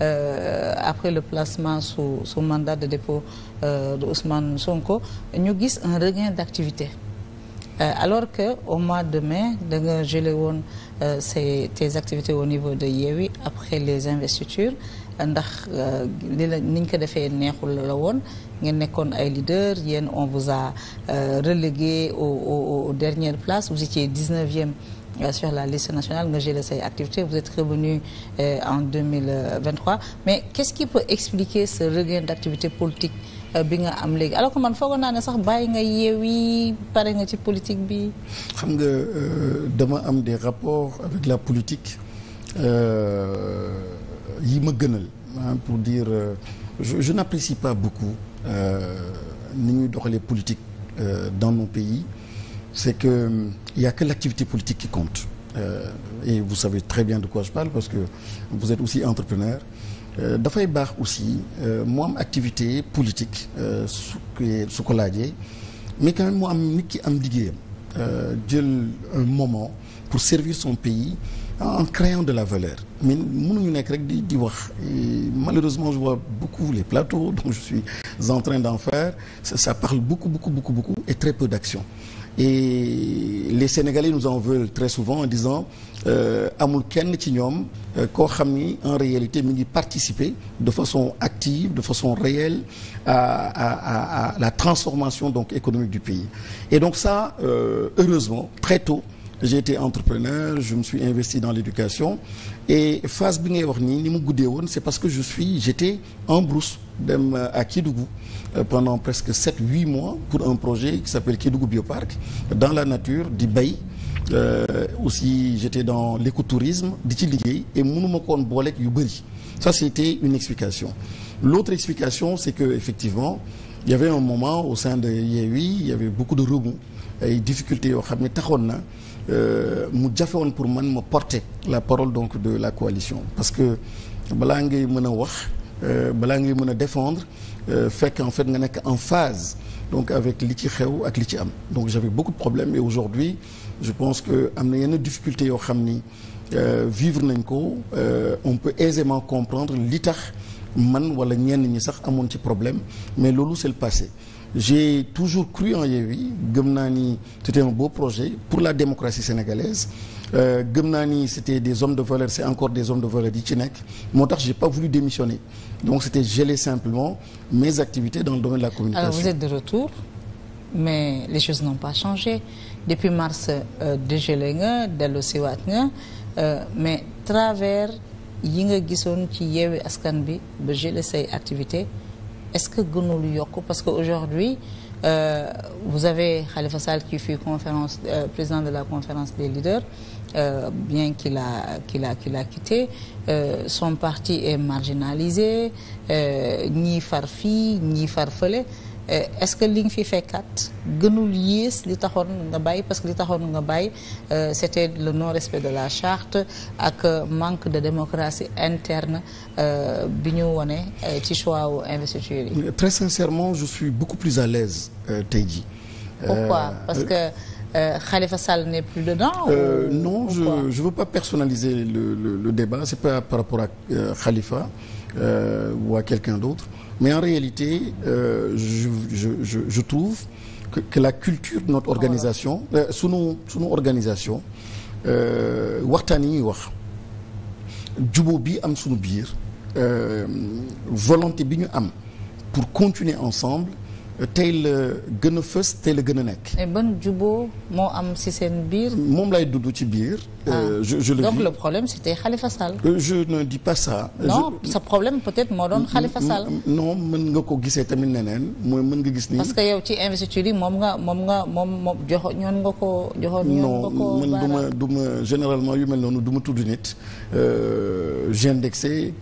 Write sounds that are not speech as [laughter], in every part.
euh, après le placement su sous mandat de dépôt euh, de Ousmane Sonko ñu gis un regain d'activité euh, alors que au mois de mai da nga gelé woon euh, ces tes activités au niveau de Yewwi après les investitures ndax euh, li la niñ ko defee neexul la woon ngeen nekkoon ay leaders yéen on vous a relégué au, au, aux dernières places vous étiez 19e sur la liste nationale nga gelé say activités vous êtes revenu euh, en 2023 mais qu'est-ce qui peut expliquer ce regain d'activité politique euh, bi nga am léegi alors que man foogoon naa ne sax bàyyi nga yeewi pare nga ci politique bi. xam nga euh, dama am des rapports avec la politique yi ma gënal pour dire je, je n'apprécie pas beaucoup ni ñuy doxalee politique dans mon pays. c'est que il y a que l'activité politique qui compte euh, et vous savez très bien de quoi je parle parce que vous êtes aussi entrepreneur euh, dafay baax aussi euh, mu am activité politique su su ko laajee mais quand même mu am nit ki am liggéeyam jël un moment pour servir son pays en créant de la valeur mais mënuñu nekk rek di di wax malheureusement je vois beaucoup les plateaux [laughs] donc je suis en train d'en faire ça, ça parle beaucoup beaucoup et très peu d'action et les Sénégalais nous en veulent très souvent en disant euh, amul kenn ci ñoom euh, koo xam ni en réalité mi ngi participer de façon active de façon réelle à à à la transformation donc économique du pays et donc ça euh, heureusement très tôt j'ai été entrepreneur je me suis investi dans l'éducation et phase bi ngay wax nii ni mu guddee woon c'est parce que je suis j'étais en brousse dem euh, à Kédougou euh, pendant presque sept huit mois pour un projet qui s'appelle Kédougou Bioparc dans la nature di bay Euh, aussi j'étais dans l'écotourisme di ci liggéey et mënuma koon booleeg yu bëri ça c'était une explication l'autre explication c'est que effectivement il y avait un moment au sein de Yewwi il y avait beaucoup de remous ay difficultés yoo xam ne taxoon na Euh, mu jafe woon pour man ma porter la parole donc de la coalition parce que balaa ngay mën a wax euh, balaa ngay mën a défendre euh, fekk en fait nga nekk en phase donc avec li ci xew ak li ci am donc j'avais beaucoup de problèmes et aujourd'hui je pense que am na yenn difficulté yoo xam ni vivre nañ ko on peut aisément comprendre li tax man wala ñenn ñi sax amoon ci problème mais loolu c'est le passé j'ai toujours cru en Yewwi gëm naa ni c'était un beau projet pour la démocratie sénégalaise euh, gëm naa ni c'était des hommes de valeur c'est encore des hommes de valeur yi ci nekk moo tax j'ai pas voulu démissionner donc c'était geler simplement mes activités dans le domaine de la communication. Alors vous êtes de retour mais les choses n'ont pas changé depuis mars euh, dégelé nga waat nga euh, mais travers yi nga gisoon ci Yewwi Askan Wi ba geler say activités. est-ce que gënul yokk parce que aujourd'hui euh, vous avez Khalifa Sall qui fut conférence euh, président de la conférence des leaders euh, bien qu'il a qu'il a qu'il a quitté euh, son parti est marginalisé euh, ñii far fii ñii far fële Euh, est-ce que li nga fi fekkaat gënul yées li taxoon nga bàyyi parce que li taxoon nga bàyyi euh, c'était le non-respect de la charte ak euh, manque de démocratie interne bi ñu wone ci choix wu investiture yi. très sincèrement je suis beaucoup plus à l'aise tey jii. pourquoi parce que. Euh, Khalifa Sall n'est plus dedans euh, ou, Non, ou je je veux pas personnaliser le débat, c'est pas par rapport à Khalifa. euh, ou à quelqu'un d'autre. Mais en réalité, euh, je, trouve que, la culture de notre organisation, euh, sous, nos, sous nos euh, waxtaan yi ñuy wax jubóo bi am suñu biir euh, volonté bi ñu am pour continuer ensemble euh, tey la gën a fës tey la gën a nekk. mais ban jubóo moo am ci seen biir. moom lay dudd ci biir. Euh, ah. je, je le donc dis. le problème c'était Khalifa Sall. Euh, je ne dis pas ça. Euh, non je... problème peut-être moo doon Khalifa mm, mm, Sall. Mm, non mën nga ko gisee tamit neneen mooy mën nga gis ni. parce que yow ci investiture yi moom nga moom nga moom moom joxo ñoon nga ko joxoon. ñoon nga ko du ma du ma généralement yu mel noonu du ma tudd nit. Euh, j'ai indexé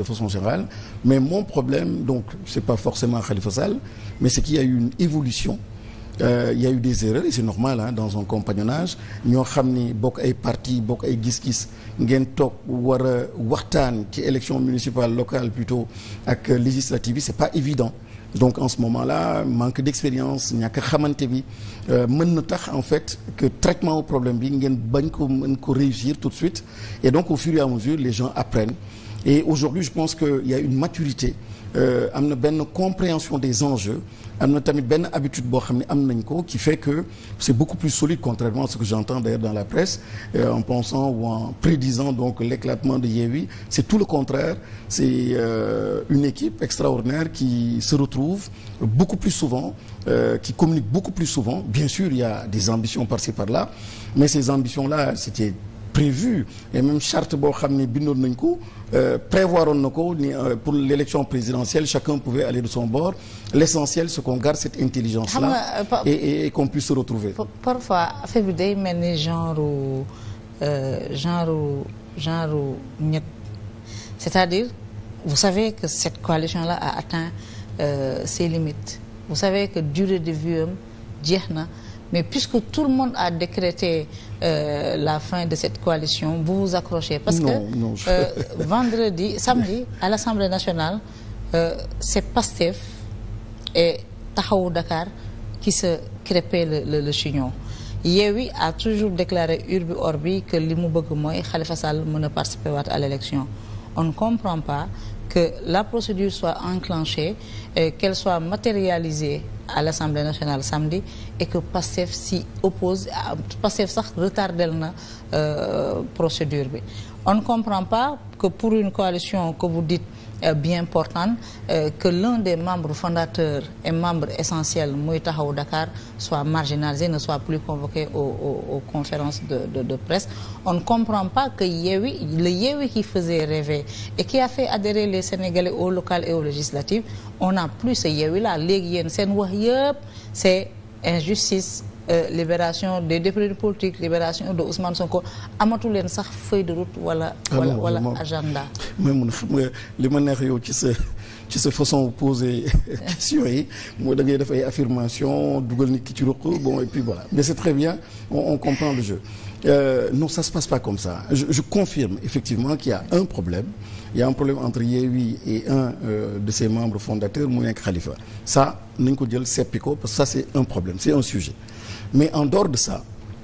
de façon générale mais mon problème donc c'est pas forcément Khalifa Sall mais c'est qu'il y a eu une évolution. Euh, y a eu des erreurs et c'est normal hein, dans un compagnonnage ñoo xam ni bokk ay parti bokk ay gis-gis ngeen toog war a waxtaan ci élection municipale locale plutôt ak législative bi c'est pas évident donc en ce moment-là manque d'expérience ñàkk xamante bi euh, mën na tax en fait que traitement au problème bi ngeen bañ ko mën ko réussir tout de suite et donc au fur à mesure les gens apprennent et aujourd'hui je pense que il y a une maturité euh, am na benn compréhension des enjeux am na tamit benn habitude boo xam ne am nañ ko qui fait que c'est beaucoup plus solide contrairement à ce que j'entends d'ailleurs dans la presse euh, en pensant ou en prédisant donc l'éclatement de Yewwi c'est tout le contraire c'est euh, une équipe extraordinaire qui se retrouve beaucoup plus souvent euh, qui communique beaucoup plus souvent bien sûr il y a des ambitions par-ci par-là mais ces ambitions-là c'était prévu et même charte boo xam ne bindoon nañ ko Euh, prévoir on na ko ni euh, pour l'élection présidentielle chacun pouvait aller de son bord l'essentiel c'est qu'on garde cette intelligence là euh, et, et, et qu'on puisse se retrouver parfois affaire bi day mel ni genre euh, genre genre ñett c'est-à-dire vous savez que cette coalition là a atteint euh, ses limites vous savez que durée de vie am jeex na Mais puisque tout le monde a décrété euh, la fin de cette coalition, vous vous accrochez. Parce non, que non, je... euh, vendredi, [laughs] samedi, à l'Assemblée nationale, euh, c'est PASTEF et Tahaou Dakar qui se crêpaient le, le, le chignon. Yewi a toujours déclaré Urbi Orbi que l'Imoubogoumoy, Khalifa Sall, ne participer à l'élection. On ne comprend pas que la procédure soit enclenchée, qu'elle soit matérialisée à l'Assemblée nationale samedi et que PASTEF s'y oppose, PASTEF sax retardel na euh, procédure bi. On ne comprend pas que pour une coalition que vous dites Euh, bien important euh, que l'un des membres fondateurs et membre essentiel muy Taxawu Dakar soit marginalisé ne soit plus convoqué aux, aux, aux conférences de, de de presse on ne comprend pas que Yewwi le Yewwi qui faisait rêver et qui a fait adhérer les Sénégalais au local et aux législatives on n'a plus ce Yewwi là léegi yéen seen wax yëpp c'est injustice Euh, libération des détenus politiques libération de Ousmane Sonko amatu leen sax feuille de route wala ah wala wala agenda mais mun xam nga li ma neex yow ci sa ci sa façon poser [laughs] question yi mooy da ngay def ay affirmation dugal nit ki ci ruq bon et puis voilà mais c'est très bien on, on comprend le jeu Euh, non ça se passe pas comme ça je, je confirme effectivement qu'il y a un problème il y a un problème entre Yewwi et un euh, de ses membres fondateurs mu nekk Khalifa ça nañ ko jël seppi ko parce un problème c'est mais en dehors de ça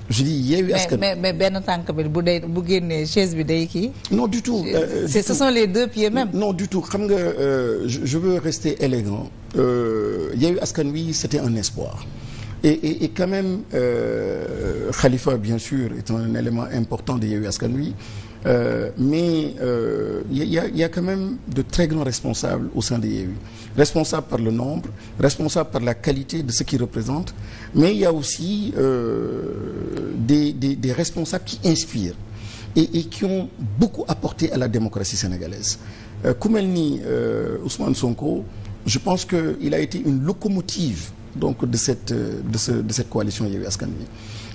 je dis Yewwi Askan mais mais benn tànk bi bu dee bu génnee chaise bi day kii. non du tout. Euh, euh c'est ce sont les deux pieds même. non du tout xam nga euh, je veux rester élégant euh, Yewwi Askan Wi c'était un espoir. Et, et, et quand même euh, Khalifa bien sûr est un élément important de Yewwi Askan Wi. Euh, mais euh, il y, y, y, a quand même de très grands responsables au sein de Yewwi. Responsables par le nombre, responsables par la qualité de ce qu'ils représentent, mais il y a aussi euh, des, des, des, responsables qui inspirent et, et, qui ont beaucoup apporté à la démocratie sénégalaise. Euh, Koumelni euh, Ousmane Sonko, je pense qu'il a été une locomotive donc de cette de ce de cette coalition Yewwi Askan Wi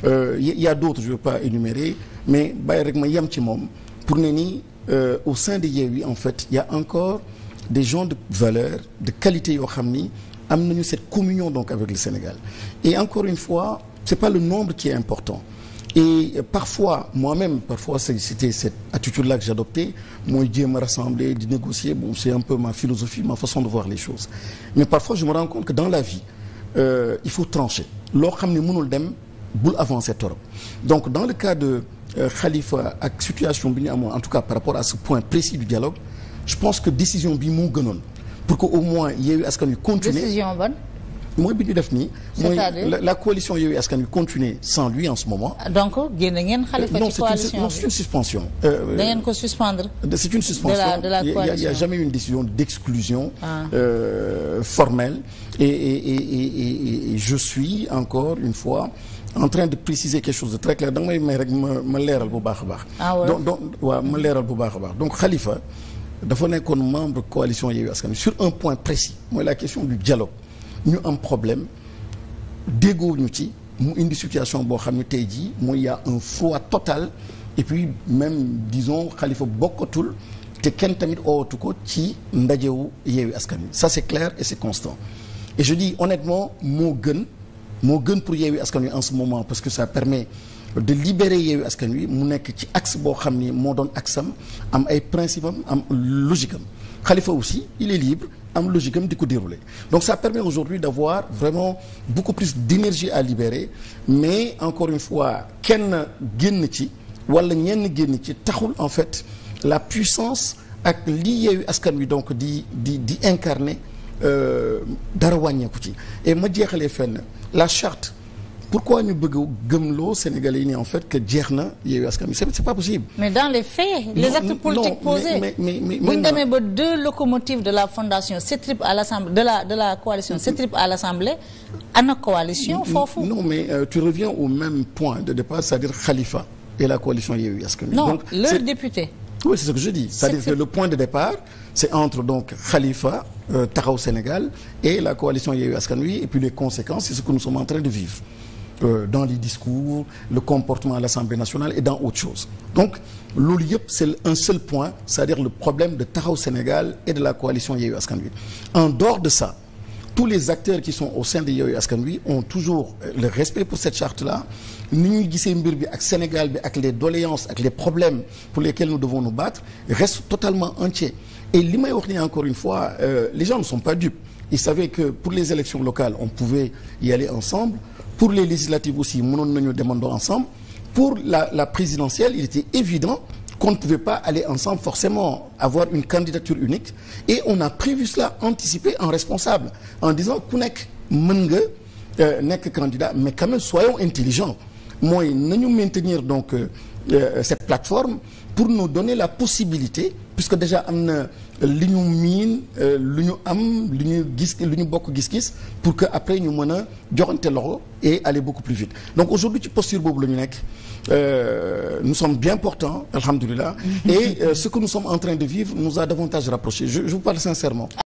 euh, y d'autres je veux pas énumérer mais bàyyi rek ma yem ci moom pour ne ni euh, au sein de Yewwi en fait il y a encore des gens de valeur de qualité yoo xam ni am nañu cette communion donc avec le Sénégal et encore une fois c'est pas le nombre qui est important et parfois moi-même parfois c'était cette attitude-là que j'adoptais mooy jéem a rassembler di négocier bon c'est un peu ma philosophie ma façon de voir les choses mais dans la vie euh, il faut trancher loo xam ne mënul dem bul avancer torop donc dans le cas de euh, Khalifa ak situation bi ñu amoon en tout cas par rapport à ce point précis du dialogue je pense que décision bi moo gënoon pour que au moins Yewwi Askan Wi continuer décision bonne mooy bi ñu def nii. mooy la coalition Yewwi Askan Wi continuer sans lui en ce moment. Ah, donc génn ngeen Khalifa ci coalition non euh, ngeen ko suspendre. Euh, c'est une suspension de la a jamais eu une décision d'exclusion. Ah. Euh, formelle et et et et je suis encore une fois. en train de préciser quelque chose de très clair da may may rek ma ma leeral bu baax a baax. Ah, donc donc waaw ma leeral bu baax a baax donc Khalifa dafa nekkoon membre coalition Yewwi Askan Wi sur un point précis mooy la question du dialogue ñu am problème déggoowuñu ci mu indi situation boo xam ne tey jii mooy y un froid total et puis même disons Khalifa bokkatul te kenn tamit oowatu ko ci ndajewu Yewwi Askan Wi ça c'est clair et c'est constant et je dis honnêtement moo gën moo gën pour Yewwi Askan Wi en ce moment parce que ça permet de libérer Yewwi Askan Wi mu nekk ci axe boo xam ni moo doon axe am ay principe am am xalifa aussi il est libre am logique di ko dérouler donc ça permet aujourd'hui d'avoir vraiment beaucoup plus d'énergie à libérer mais encore une fois kenn génn ci wala ñenn génn ci taxul en fait la puissance ak li yeewu askan wi donc di di di incarner euh, dara wàññeeku ci et ma jeexalee fenn la charte pourquoi ñu bëgg gëmloo Sénégalais yi ne en fait que jeex na Yewwi c'est pas possible. mais dans les faits. les non, actes politiques de la fondation s'étrippent à l'assemblée de la de la coalition mm-hmm. s'étrippent à l'assemblée ana coalition mm-hmm. foofu. non mais euh, tu reviens au même point de départ c'est-à-dire et la coalition Yewwi Askan Wi. donc non leur député. oui que le point de départ c'est entre donc Khalifa euh, Taxawu Sénégal et la coalition Yewwi Askan Wi et puis les conséquences c'est ce que nous sommes en train de vivre. euh, dans les discours le comportement à l'Assemblée nationale et dans autre chose loolu yëpp c'est un seul point c'est-à-dire le problème de Taxawu Sénégal et de la coalition Yewwi Askan Wi en dehors de ça tous les acteurs qui sont au sein de Yewwi Askan Wi ont toujours euh, le respect pour cette charte-là ni ñuy gisee mbir bi ak Sénégal bi ak les doléances ak les problèmes pour lesquels nous devons nous battre reste totalement entier et li may wax encore une fois euh, les gens ne sont pas dupes pour les élections locales on pouvait y aller ensemble pour les législatives aussi mënoon nañu demandoo ensemble pour la la présidentielle il était évident qu'on ne pouvait pas aller ensemble forcément avoir une candidature unique et on a prévu cela anticipé en responsable en disant ku nekk mën nga euh, nekk candidat mais quand même soyons intelligents mooy nañu maintenir donc euh, euh cette plateforme pour nous donner la possibilité puisque déjà li ñu miin euh, lu ñu am lu ñu gis lu ñu bokk gis-gis pour que après ñu mën a joxante loxo et aller beaucoup plus vite donc aujourd'hui ci posture boobu la ñu nekk euh, nous sommes bien portants alhamdulilah mm-hmm. et euh, ce que nous sommes en train de vivre nous a davantage rapprochés je vous parle sincèrement